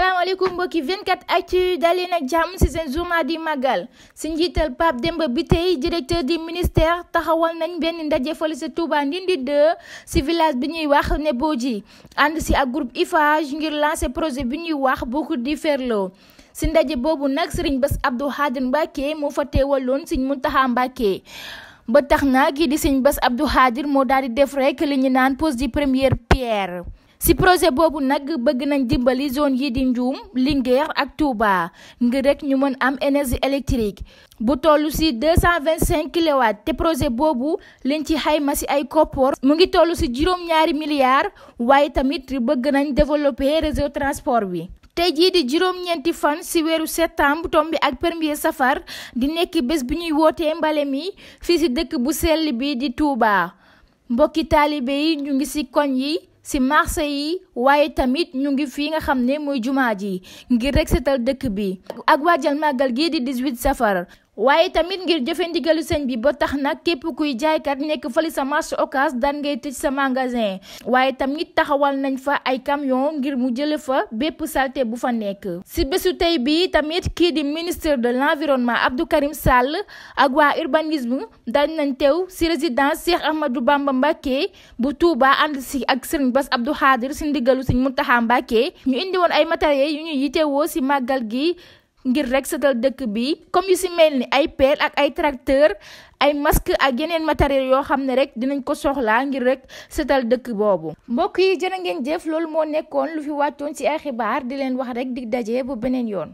salaamaaleykum mbokki 24 actu dalee nag jàmm ci seen journal di màggal ci njiital Pape Demba tey directeur du ministère taxawal nañ benn ndaje fële ca Touba Ndindi 2 ci village bi ñuy wax Nebodji ànd ci ak groupe Eiffage ngir lancer projet bi ñuy wax Boucout di Ferlo ci ndaje boobu nag Serigne Bass Abdou Khadir Mbacké moo fa teewaloon Serigne Mountakha Mbacké ba tax na kii di Serigne Bass Abdou Khadir moo daal di def rek li ñu naan pose di première pierre. ci projet boobu nag bëgg nañ dimbali zone yi di njuum Linguère ak Touba ngir rek ñu mën am énergie électrique bu toll ci deux cent vingt cinq kilowatts te projet boobu liñ ci xayma ci ay koppoor mu ngi toll ci juróom-ñaari milliards waaye tamit bëgg nañ développer réseau transport bi. tey jii di juróom-ñeenti fan ci weeru septembre tombi ak premier safar di nekk bés bi ñuy wootee mbale mi fii ci dëkk bu sell bi di Touba mbokki taalibe yi ñu ngi ci koñ yi si marché yi waaye tamit ñu ngi fii nga xam ne mooy jumaa ji ngir rek dëkk bi ak waajal màggal gii di 18 safar waaye tamit ngir jëfe ndigalu sëñ bi ba tax nag képp kuy jaaykat nekk fële sa marché Ocass daan ngay tëj sa magasin waaye tamit taxawal nañ fa ay camion ngir mu jële fa bépp salté bu fa nekk si bésu tey bi tamit kii di ministre de l'environnement Abdou Karim Sall ak waa urbanisme daan nañ teew si résidence Cheikh Ahmadou Bamba Mbacké bu Touba ànd si ak sëriñ Bass Abdou Khadir si ndigalu sëñ Mountakha Mbacké ñu indi woon ay matériel yu ñu yitewoo si màggal gi ngir rek setal dëkk bi comme yu ci mel ni ay per ak ay tracteur ay masque ak yeneen matériel yoo xam ne rek dinañ ko soxla ngir rek setal dëkk boobu. mbokk yi jëra ngeen jëf loolu moo nekkoon lu fi wàccoon ci ay xibaar di leen wax rek di daje bu beneen yoon.